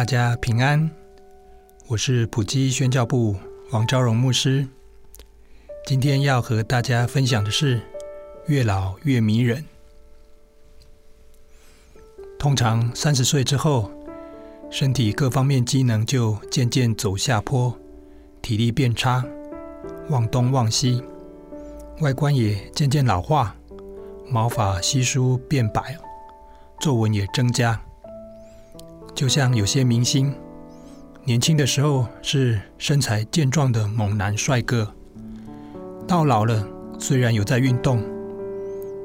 大家平安，我是埔基宣教部王昭榮牧師。今天要和大家分享的是，越老越迷人。通常三十歲之後，身體各方面機能就漸漸走下坡，體力變差，忘東忘西，外觀也漸漸老化，毛髮稀疏變白，皺紋也增加。就像有些明星，年輕的時候是身材健壯的猛男帥哥，到老了雖然有在運動，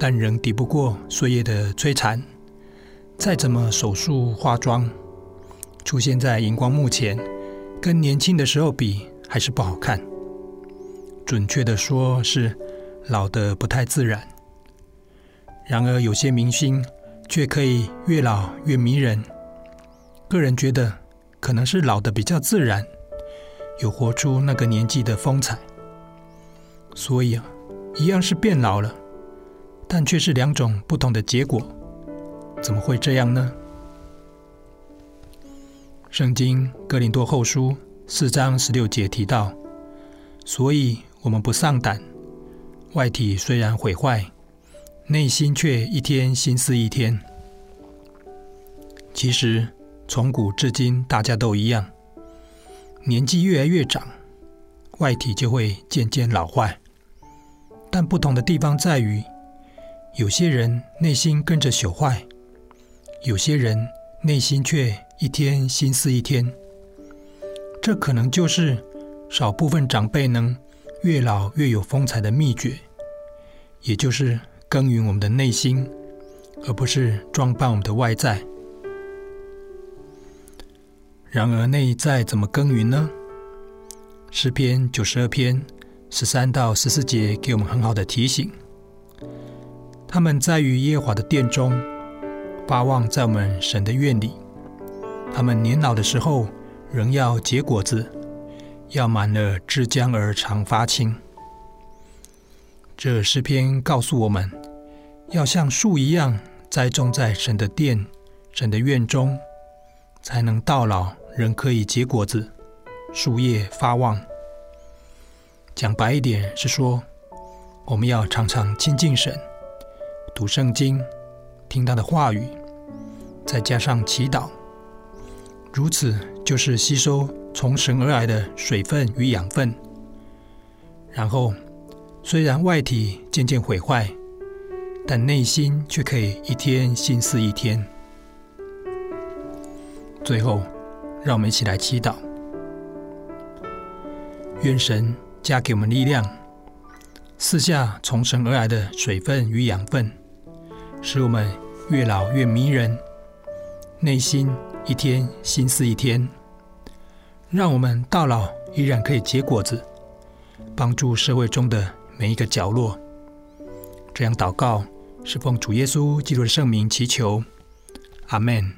但仍抵不過歲月的摧殘。再怎麼手術化妝，出現在熒光幕前，跟年輕的時候比還是不好看。準確的說，是老的不太自然。然而有些明星卻可以越老越迷人。個人覺得，可能是老的比較自然，有活出那個年紀的風采。所以啊，一樣是變老了，但卻是兩種不同的結果。怎麼會這樣呢？聖經哥林多後書四章十六節提到，所以，我們不喪膽，外體雖然毀壞，內心卻一天新似一天。其實。從古至今，大家都一樣，年紀越來越長，外體就會漸漸老壞。但不同的地方在於，有些人內心跟着朽壞，有些人內心卻一天新似一天。這可能就是少部分長輩能越老越有風采的秘訣，也就是耕耘我們的內心，而不是裝扮我們的外在。然而，內在怎麼耕耘呢？詩篇九十二篇十三到十四節給我們很好的提醒。他們栽於耶和華的殿中，發旺在我們神的院裡。他們年老的時候，仍要結果子，要滿了汁漿而常發青。這詩篇告訴我們要像樹一樣栽種在神的殿、神的院中。才能到老仍可以結果子，樹葉發旺。講白一點是說，我們要常常親近神，讀聖經，聽他的話語，再加上祈禱，如此就是吸收從神而來的水分與養分。然後，雖然外體漸漸毀壞，但內心却可以一天新似一天。最後，讓我們一起來祈禱。願神加給我們力量，賜下從神而來的水分與養分，使我們越老越迷人，內心一天新似一天。讓我們到老依然可以結果子，幫助社會中的每一個角落。這樣禱告是奉主耶穌基督的聖名祈求，阿門。